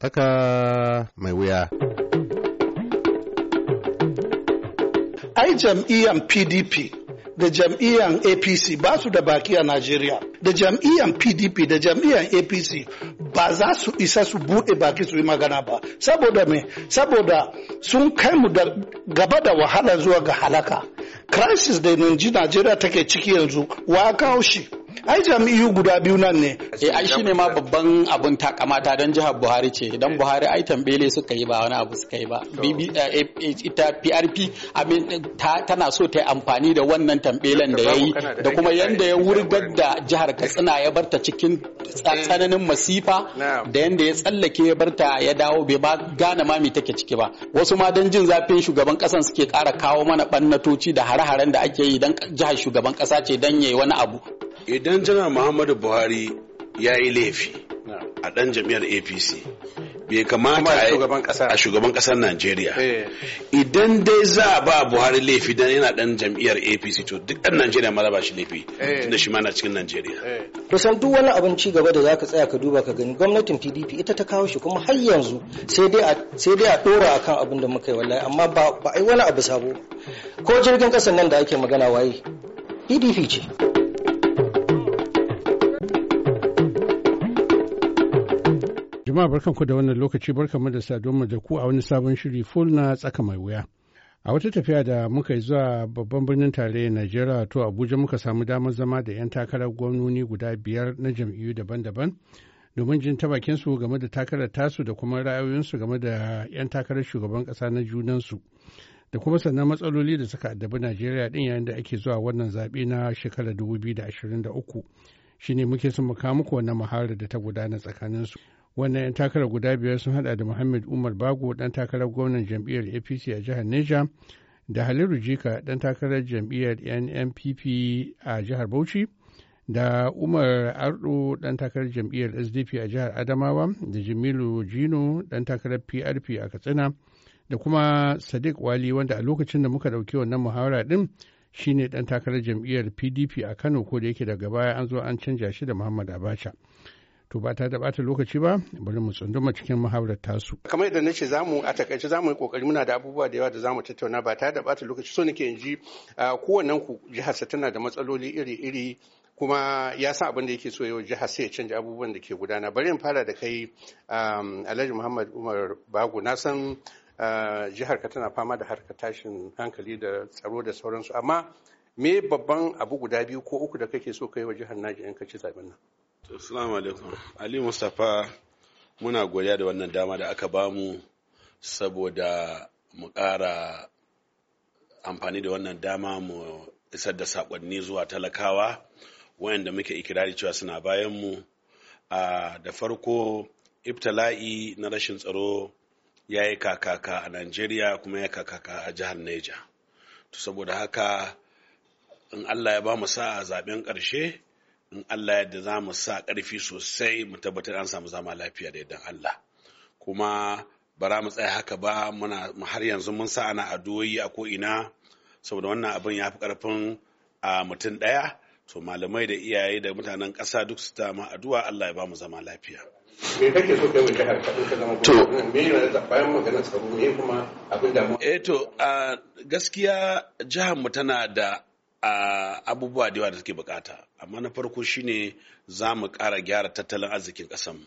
Tsaka mai wuya. Ai jam'iyyar PDP da jam'iyyar APC ba su da baki a Najeriya. Da jam'iyyar PDP da jam'iyyar APC ba za su isa su buɗe baki su yi magana ba. Saboda me? Saboda sun kai mu da gaba da wahala zuwa ga halaka. Crisis da Najeriya take ciki yanzu wa kawo shi. ai jami'u guda biyu nan ne eh ai shine ma babban abun takamata don jihar Buhari ce dan Buhari ai tambele suka yi ba wani abu suka yi ba eh, eh, ita PRP tana so ta yi amfani da wannan tambelen da yayi da kuma yanda ya wurgar da jihar Katsina ya barta cikin tsananin masifa da yanda ya tsallake ya barta ya dawo bai ba gane ma me take ciki ba wasu ma dan jin zafin shugaban kasan suke kara kawo mana bannatoci da hare-haren da ake yi dan jihar shugaban kasa ce dan yayi wani abu idan janar muhammadu buhari ya yi laifi a ɗan jam'iyyar apc bai kamata a shugaban ƙasar najeriya eh. idan dai za a ba buhari laifi dan yana dan jam'iyyar apc to duk ɗan najeriya ma ba shi laifi eh. tunda shi ma na cikin najeriya to eh. san duk wani abin ci gaba da za ka tsaya ka duba ka gani gwamnatin pdp ita ta kawo shi kuma har yanzu sai dai a ɗora akan abin da muka yi wallahi amma ba a yi wani abu sabo ko jirgin ƙasar nan da ake magana waye pdp ce Jama'a barkanku da wannan lokaci mu da mu da ku a wani sabon shiri full na tsaka mai wuya. A wata tafiya da muka yi zuwa babban birnin tarayyar Najeriya to Abuja muka samu damar zama da 'yan takarar gwamnoni guda biyar na jam'iyyu daban-daban domin jin ta bakinsu game da takarar tasu da kuma ra'ayoyinsu game da 'yan takarar shugaban kasa na junansu da kuma sannan matsaloli da suka addabi Najeriya din yayin da ake zuwa wannan zaɓe na shekarar 2023 shine muke son mu kawo muku wannan muhawarar da ta gudana tsakaninsu. wannan 'yan takarar guda biyar sun hada da muhammad umar bago dan takarar gwamnan jam'iyyar apc a jihar neja da haliru jika dan takarar jam'iyyar nnpp a jihar bauchi da umar ardo dan takarar jam'iyyar sdp a jihar adamawa da jimilu jino dan takarar prp a katsina da kuma sadiq wali wanda a lokacin da muka dauki wannan muhawara din shine dan takarar jam'iyyar pdp a kano ko da yake daga baya an zo an canja shi da muhammad abacha to ba ta da bata lokaci ba bari mu tsunduma cikin muhawarar tasu kamar yadda nace zamu a takaice zamu yi kokari muna da abubuwa da yawa da zamu tattauna ba ta da bata lokaci so nake inji kowannen ku jihar tana da matsaloli iri-iri kuma ya san abin da yake so yau jihar sai ya canja abubuwan da ke gudana bari in fara da kai alhaji muhammad umar bago na san jihar ka tana fama da harka tashin hankali da tsaro da sauransu amma me babban abu guda biyu ko uku da kake so kai wa jihar naji in ka ci zaben nan Assalamu alaikum. Ali Mustapha muna godiya da wannan dama da aka bamu saboda mu ƙara amfani da wannan dama mu isar da saƙonni zuwa talakawa wayanda muke ikirari cewa suna bayan bayanmu. Da farko, Iftala'i na rashin tsaro ya yi kakaka a Najeriya kuma ya kakaka a jihar Niger To saboda haka in Allah ya ba mu a zaben ƙarshe in Allah yadda za mu sa ƙarfi sosai mu tabbatar an samu zama lafiya da yadda Allah kuma bara mu tsaya haka ba muna har yanzu mun sa ana addu'o'i a ko'ina saboda wannan abin ya fi ƙarfin a mutum ɗaya to malamai da iyaye da mutanen ƙasa duk su ta ma addu'a Allah ya ba mu zama lafiya. me kake so kai wanda har ka zama to me bayan maganar tsaro me kuma abin da mu eh to gaskiya jihar mu tana da A abubuwa da yawa da take bukata amma na farko shine za mu ƙara gyara tattalin arzikin kasan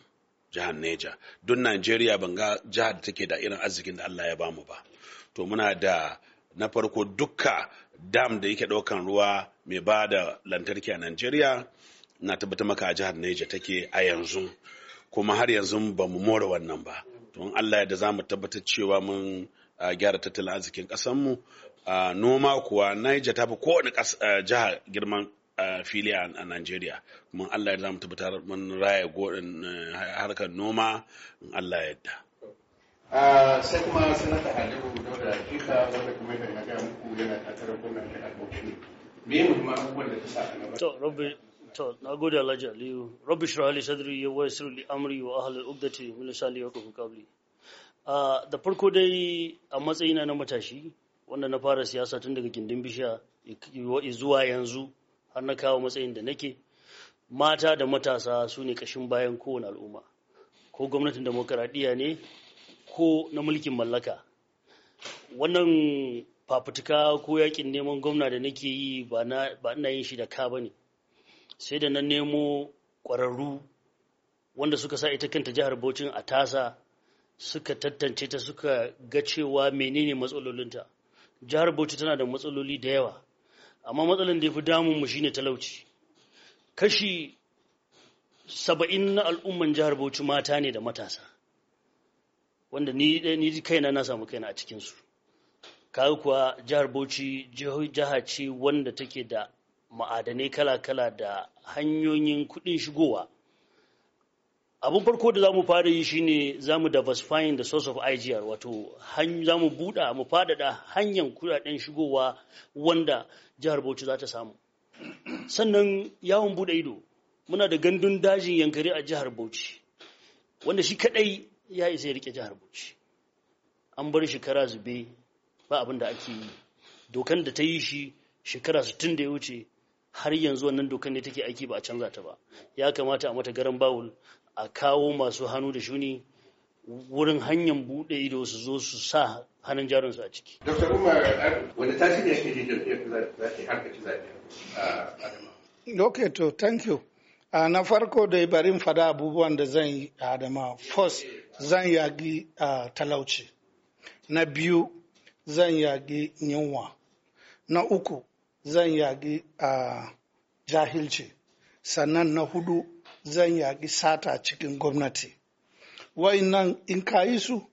jihar neja don najeriya ban ga jihar da take da irin arzikin da allah ya bamu ba to muna da na farko dukka dam da yake ɗaukan ruwa mai ba da lantarki a najeriya na tabbata maka a jihar neja take a yanzu kuma har yanzu ba mu more wannan ba to allah da za mu tabbatar cewa mun gyara tattalin arzikin kasanmu. noma kuwa Niger ta fi kowane eh, jiha girman eh, fili a nigeria mun Allah ya mu tabbatar mun raya godin eh, harkar noma in Allah ya yarda sai kuma sanata Aliyu Dauda Kika wanda kuma yake na ga muku yana takarar gwamnati a Bauchi me muhimman abubuwan da ta saka gaba to Rabbi to na gode Alhaji Aliyu Rabbi shrah li sadri wa sirri li amri wa ahlul uqdati sali ya yafqahu qawli da farko dai a matsayina na matashi wanda na fara siyasa tun daga gindin bishiya zuwa yanzu har na kawo matsayin da nake mata da matasa su ne kashin bayan kowane al'umma ko gwamnatin demokuraɗiyya ne ko na mulkin mallaka wannan fafutuka ko yakin neman gwamna da nake yi ba ina yin shi da ka ne, sai da na nemo ƙwararru wanda suka sa ita kanta jihar Bocin a tasa suka tantance ta suka ga cewa menene matsalolinta jihar bauchi tana da matsaloli da yawa amma matsalan da ya fi damunmu shine talauci kashi saba'in na al'umman jihar bauchi mata ne da matasa wanda ni kaina na samu kaina a cikinsu kawai kuwa jihar bauchi jiha ce wanda take da ma'adanai kala-kala da hanyoyin kuɗin shigowa abun farko da za mu fara yi shine za mu diversifying the source of igr wato za mu buɗa mu faɗaɗa hanyar kudaden shigowa wanda jihar bauchi za ta samu sannan yawon buɗe ido muna da gandun dajin yankari a jihar bauchi wanda shi kaɗai ya isa ya rike jihar bauchi an bar shekara zube ba abin da ake yi dokan da ta yi shi shekara 60 da ya wuce har yanzu wannan dokan ne take aiki ba a canza ta ba ya kamata a mata garan bawul a kawo masu hannu da shuni wurin hanyar bude ido su zo su sa hannun su a ciki. Dr. Umar, wani tasiri yake ji da zafi a Okay, to, thank you. Uh, na farko dai barin fada abubuwan da zan yi a Adama. First, zan yagi ah, talauci. Na biyu, zan yagi yunwa. Na uku, zan yagi uh, jahilci. Sannan na hudu, zan yaƙi sata cikin gwamnati nan in ka yi su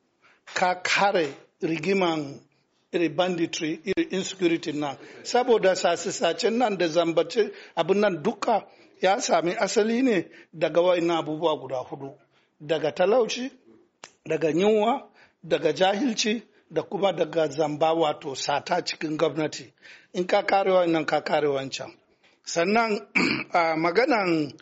ka kare rigiman iri banditry iri insecurity nan saboda sace nan da zambace abin nan duka ya sami asali ne daga wa'innan abubuwa guda hudu daga talauci daga yunwa daga jahilci da kuma daga zamba wato sata cikin gwamnati in ka kare nan ka kare wancan sannan a maganan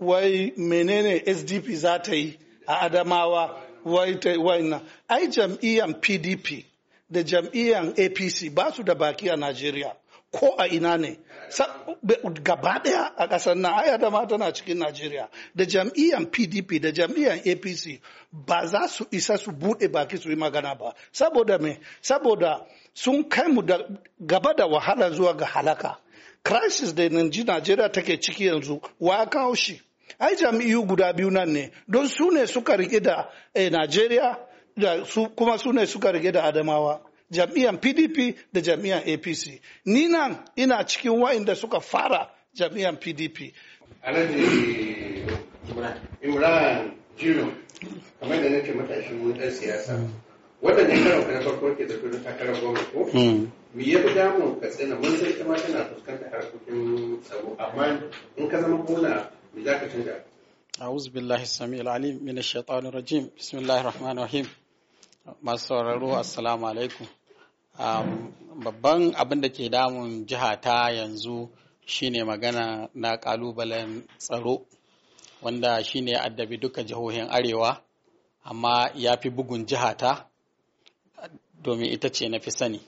wai menene sdp za ta yi a adamawa wai ta na ai jam'iyyar pdp da jam'iyyar apc ba su da baki a najeriya ko a ina ne gaba daya a ƙasar nan ai adama tana cikin najeriya da jam'iyyar pdp da jam'iyyar apc ba za su isa su bude baki su yi magana ba saboda me saboda sun kai mu da gaba da wahala zuwa ga halaka crisis da Najeriya take ciki yanzu wa kawo shi ai jami'u guda biyu nan ne don su ne suka rike da eh, najeriya da su kuma su ne suka rike da adamawa jam'iyyar pdp da jam'iyyar apc ni nan ina cikin wa'inda suka fara jam'iyyar pdp alhaji imran jino kamar da nake matashi mun dan siyasa mm. waɗannan ne ka na farko ke da kudin takarar gwamnati ko mm. me ya fi damun ka tsina mun san ita ma tana fuskantar harkokin tsaro amma in ka zama kuna me za ka masu sauraro assalamu alaikum babban abin da ke damun jiha ta yanzu shine magana na kalubalen tsaro wanda shine addabi duka jihohin arewa amma ya fi bugun jiha ta domin ita ce na fi sani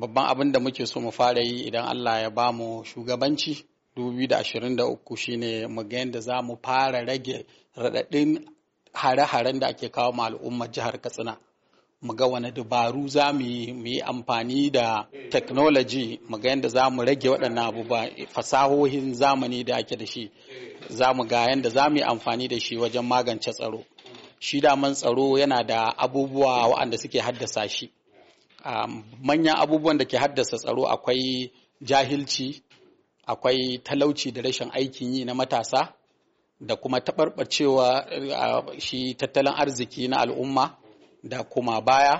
babban abin da muke so mu fara yi idan allah ya bamu shugabanci 2023 shine muga yadda za mu fara rage raɗaɗin hare-haren da ake kawo ma al'ummar jihar katsina mu ga wani dabaru za mu yi amfani da technology mu ga yadda za mu rage waɗannan abubuwa fasahohin zamani da ake da shi za mu ga yadda za mu yi amfani da shi wajen magance tsaro shi daman tsaro yana da abubuwa waɗanda suke haddasa shi manyan abubuwan da ke haddasa tsaro akwai jahilci akwai talauci da rashin aikin yi na matasa da kuma taɓarɓacewa eh, shi tattalin arziki na al'umma da kuma baya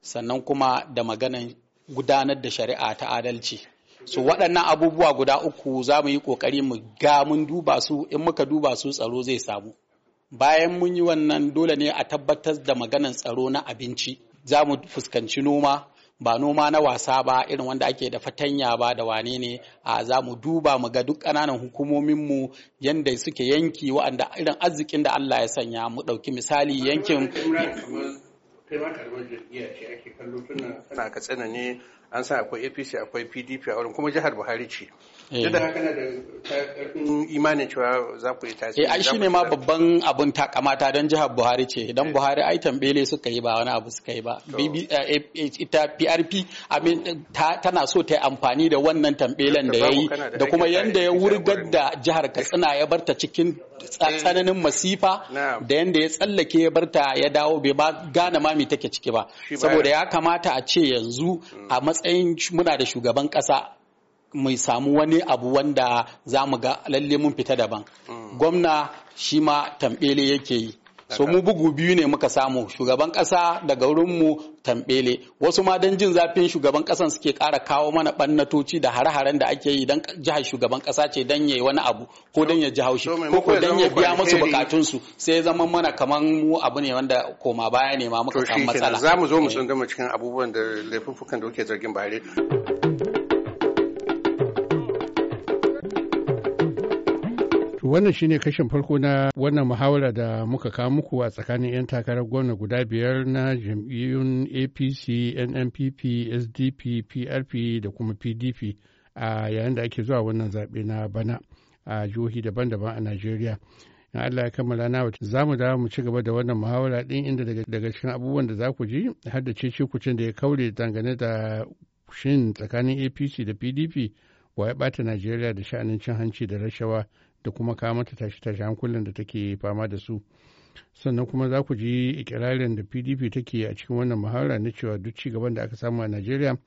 sannan kuma da maganan gudanar da shari'a ta adalci so waɗannan abubuwa guda uku za mu yi ƙoƙari mu ga mun duba su in muka duba su tsaro zai samu bayan mun yi wannan dole ne a tabbatar da maganar tsaro na abinci za mu fuskanci noma ba noma na wasa ba irin wanda ake da fatanya ba da wane ne a za mu duba mu ga duk ƙananan hukumominmu yadda suke yanki wa'anda irin arzikin da Allah ya sanya mu ɗauki misali yankin katsina ne an sa akwai apc akwai pdp a wurin kuma jihar buhari ce Eh. da haka na da eh, mm, imanin cewa za ku yi tasiri eh, ai ne ma babban abun takamata don jihar Buhari ce don Buhari ai tambele suka yi ba wani abu suka yi ba ita PRP amin tana so ta yi amfani da wannan tambelen da yayi da kuma yanda ya wurgar da jihar Katsina ya barta cikin tsananin masifa da yanda ya tsallake ya barta ya dawo bai ba gane ma take ciki ba saboda ya kamata a ce yanzu mm. a matsayin muna da shugaban kasa Mai samu wani abu wanda za mu ga lalle mun fita daban mm. gwamna shi ma tambele yake yi so mu bugu biyu ne muka samu shugaban kasa daga wurinmu tambele wasu ma don jin zafin shugaban kasan suke kara kawo mana bannatoci da hare-haren da ake yi don jihar shugaban kasa ce don yayi wani abu ko don ya ji haushi ko ko don ya biya musu bukatunsu sai zama mana kaman mu abu ne wanda koma baya ne ma muka samu matsala za mu zo mu eh. cikin abubuwan da laifuffukan da kuke zargin bare wannan shine kashin farko na wannan muhawara da muka kawo muku a tsakanin 'yan takarar gwamna guda biyar na jam'iyyun apc nnpp sdp prp da kuma pdp a yayin da ake zuwa wannan zaɓe na bana a jihohi daban-daban a najeriya na allah ya kammala na za mu mu ci gaba da wannan muhawara din inda daga cikin abubuwan da za ku ji har da cece kucin da ya kaure dangane da shin tsakanin apc da pdp wa ya ɓata najeriya da sha'anin cin hanci da rashawa da kuma kawo mata tashi tashi hankulan da take fama da su sannan kuma za ku ji ikirarin da pdp take a cikin wannan muhawara na cewa duk ci gaban da aka samu a najeriya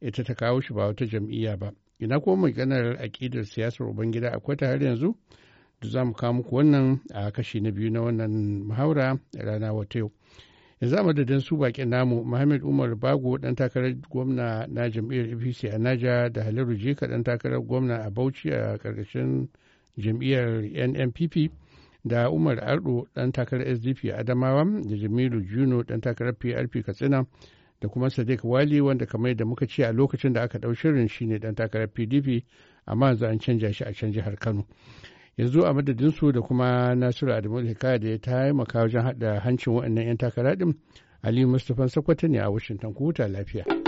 ita ta kawo shi ba wata jam'iyya ba ina kuma maganar aƙidar siyasar ubangida akwai ta har yanzu da za mu kawo muku wannan a kashi na biyu na wannan muhawara rana wata yau yanzu a madadin su bakin namu muhammad umar bago dan takarar gwamna na jam'iyyar apc a naja da haliru jika dan takarar gwamna a bauchi a karkashin jam'iyyar nnpp da umar ardo dan takarar sdp adamawa da jamilu juno dan takarar prp katsina da kuma sadiq wali wanda kamar da muka ce a lokacin da aka ɗau shirin shine dan takarar pdp amma yanzu an canja shi a can jihar kano yanzu a madadinsu da kuma nasiru adamu hikaya da ya taimaka wajen haɗa hancin waɗannan 'yan takara ɗin aliyu mustapha sakwata ne a washington ku huta lafiya.